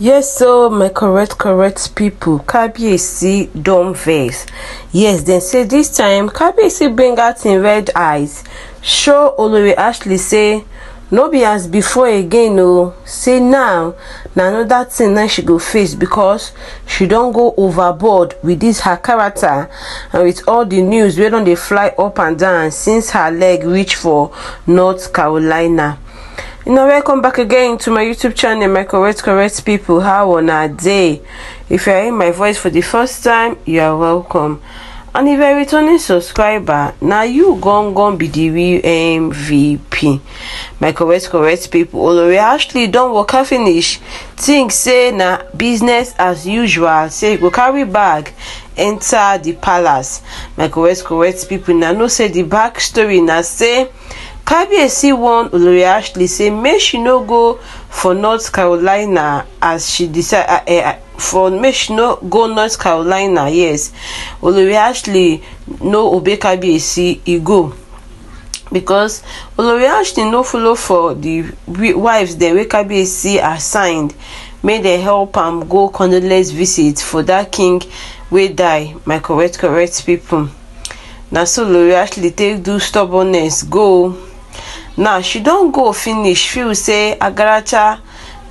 Yes, so my correct, correct people, Kabiyesi don't face. Yes, dem say this time Kabiyesi bring out in red eyes, show Olori Ashley say no be as before again o, say now na that thing now she go face because she don't go overboard with this her character and with all the news where don they fly up and down since her leg reach for North Carolina you know welcome back again to my youtube channel my correct correct people how on our day if you're hearing my voice for the first time you are welcome and if you're a returning subscriber now you gone gone be the real mvp my correct correct people Although we actually don't work. waka finish Things say now business as usual say go carry bag enter the palace my correct correct people Now no say the backstory. Now say Kabiyesi warn Olori Ashley say make she no go for North Carolina as she decide uh, eh, uh, for make she no go North Carolina yes Olori Ashley no obey Kabiyesi e go because Olori Ashley no follow for the wives dem wey Kabiyesi assigned may dem help am go condolence visit for dat king wey die my correct correct pipo na so Olori Ashley take do stubbornness go now she don go finish feel say agaracha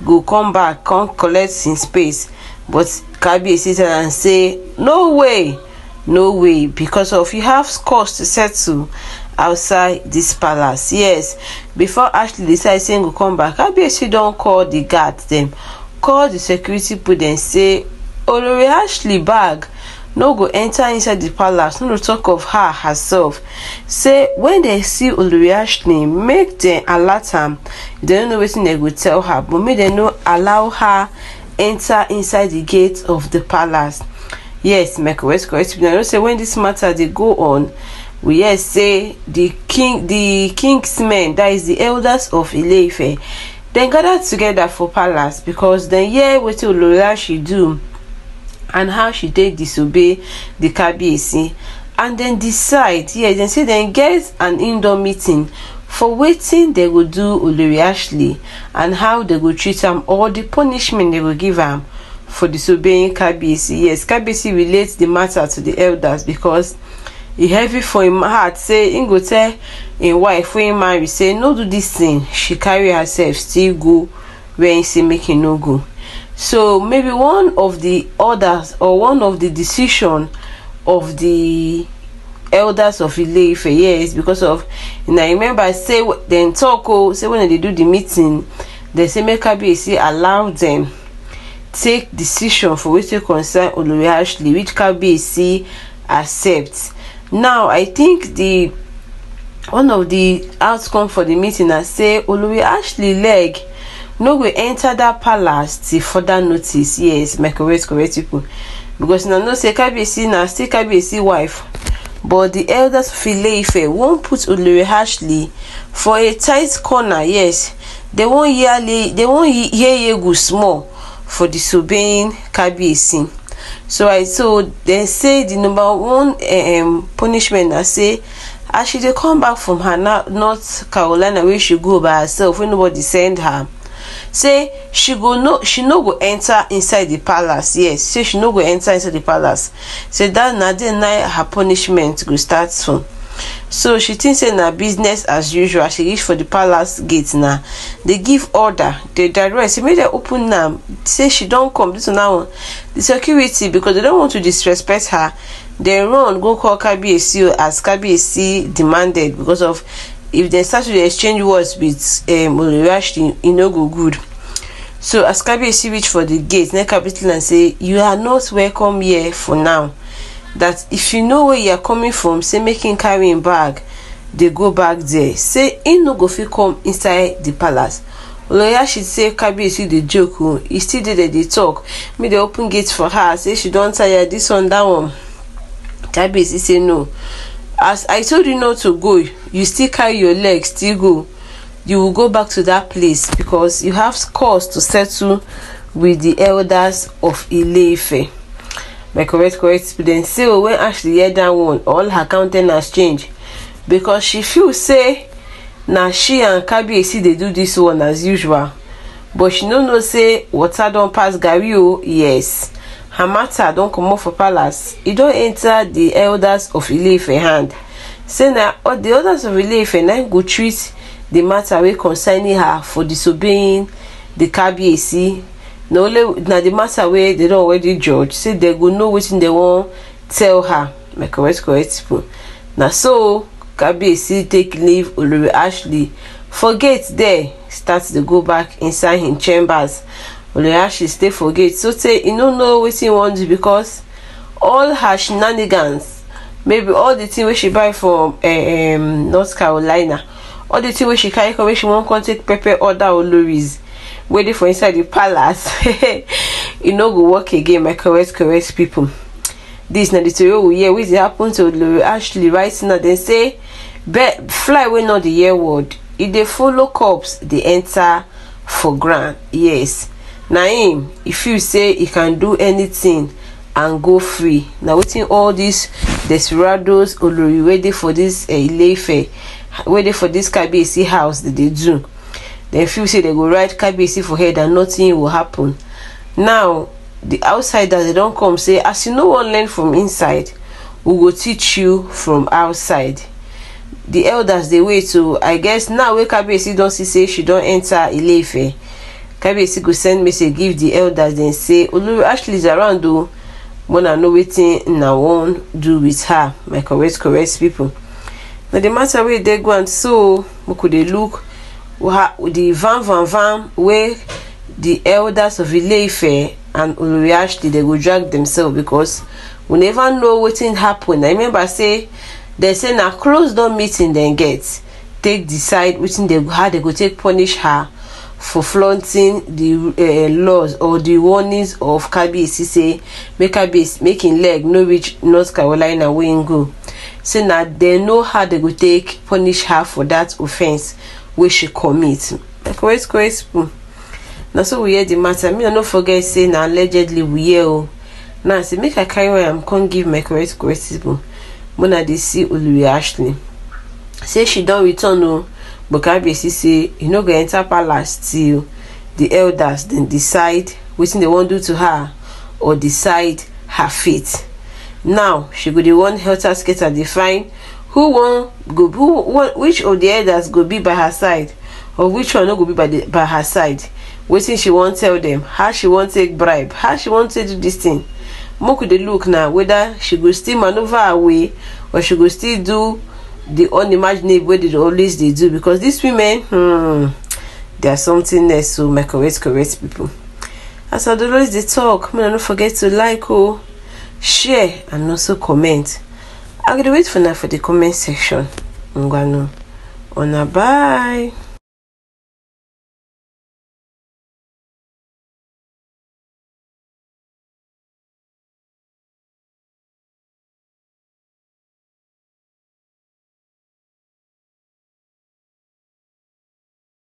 go come back come collect im space but kabiyesi tell am say no way no way because of you have scores to settle outside this palace yes before ashley decide say im go come back kabiyesi don call the guard dem call the security people dem say olori ashley bag no go enter inside the palace no dey tok of her herself say when they see oloriashni make them alert am They no know wetin they go tell her but make dem no allow her enter inside the gate of the palace yes my correct correct people i know say when this matter dey go on we hear say the king the king's men that is the elders of ileife dem gather together for palace because dem hear wetin oloriashi do and how she take disobey the kabiyesi and then decide yes dem say dem get an indoor meeting for wetin dem go do olori ashley and how dem go treat am or the punishment dem go give am for disobeying kabiyesi yes kabiyesi relate the matter to the elders because e heavy for im heart say im go tell im wife wey im marry say no do dis thing she carry herself still go where im say make im no go so maybe one of the orders or one of the decision of the elders of Ile-Ife here is because of and remember I say then talk oh say when they do the meeting they say make Kabiyesi allow them take decision for which they concern Olori Ashley which Kabiyesi accept now I think the one of the outcome for the meeting na say Olori Ashley leg like, no go enter that palace till further notice yes my correct correct people. because una know say kabiyesi na still kabiyesi wife but the elders of ileife wan put olori ashley for a tight corner yes they wan hear They hear yegu small for disobeying kabiyesi so I so dem say the number one um, punishment na say as she dey come back from her north carolina wey she go by herself wey nobody send her say she go no she no go enter inside the palace yes say she no go enter inside the palace say that na day na her punishment go start soon so she think say na business as usual she reach for the palace gate na They give order they direct say make dem open am say she don come this one that the security because they don want to disrespect her They run go call kabiyesi as kabiyesi demanded because of if they start to exchange words wit um orirashidi e no go good so as kabiyesi reach for the gate neka capital and say you are not welcome here for now that if you know where you are coming from say making carrying bag they go back there say in no go fit come inside the palace oloyashi say kabiyesi the joke o oh. e still did there dey talk make dey open gates for her say she don tire this one that one kabiyesi say no as i told you not to go you still carry your leg still go you will go back to that place because you have scores to settle with the elders of ileife my correct correct student say o when ashley hear that one all her countenance change because she feel say na she and kabiyesi dey do this one as usual but she no know say water don pass garri o yes hamata don comot for palace e don enter di elders of ileife hand say na di oh, elders of ileife na go treat di matter wey concerning her for disobeying di kabiyesi na only na di matter wey dem don already judge say dem go know wetin dem wan tell her my correct correct people na so kabiyesi take leave olori ashley for gate there start dey go back inside him chambers Olayashe stay for gate sotey e no know wetin e wan do because all her shenanigans maybe all the thing wey she buy for uh, eh, um, north carolina all the thing wey she carry come wey she wan come take pepper other oloris wey dey for inside the palace e no go work again my correct correct people this na the tori we hear wey dey happen to olori ashley right now dem say bird fly wey no dey hear word e dey follow corpse dey enter for ground yes naim e feel say e can do anything and go free na wetin all these desperados olori wey dey for this uh, eh, ileife wey dey for this kabiyesi house dey dey do dem feel say dem go ride kabiyesi for head and nothing go happen now the outsiders dey don come say as you no wan learn from inside we go teach you from outside the elders dey wait o i guess now wey kabiyesi don see say she don enter ileife kabiyesi go send message give di elders dem say olori ashley is around o mona know wetin una wan do with her my correct correct pipo na di matter wey dey ground so moko dey look di van van van wey di elders of ileife and olori ashley dey go drag themselves because we never know wetin happen i remember say dem say na close door meeting dem get take decide wetin dey how dem go take punish her for flaunting the uh, laws or the warnings of kabiyesi say make kabiyesi make im leg no reach north carolina wey im go say na dem know how dem go take punish her for dat offence wey she commit. correct correct people na so we hear the matter me i no forget say na allegedly we hear o oh. now say make i carry why i'm come give my correct correct people mona dey see olori ashley say she don return o. Oh. No, But Kabiyesi say You no go enter palace till the elders then decide wetin they wan do to her or decide her fate. Now she go dey wan helter-skelter dey find who wan go who wan which of the elders go be by her side or which one no go be by, the, by her side wetin she wan tell them? how she wan take bribe how she wan take do this thing make we dey look na whether she go still maneuver her way or she go still do the unimaginable wey they always do because these women hmm they are something else so my correct correct people as i not always they talk make i no forget to like or oh, share and also comment i will wait for now for the comment section on a bye.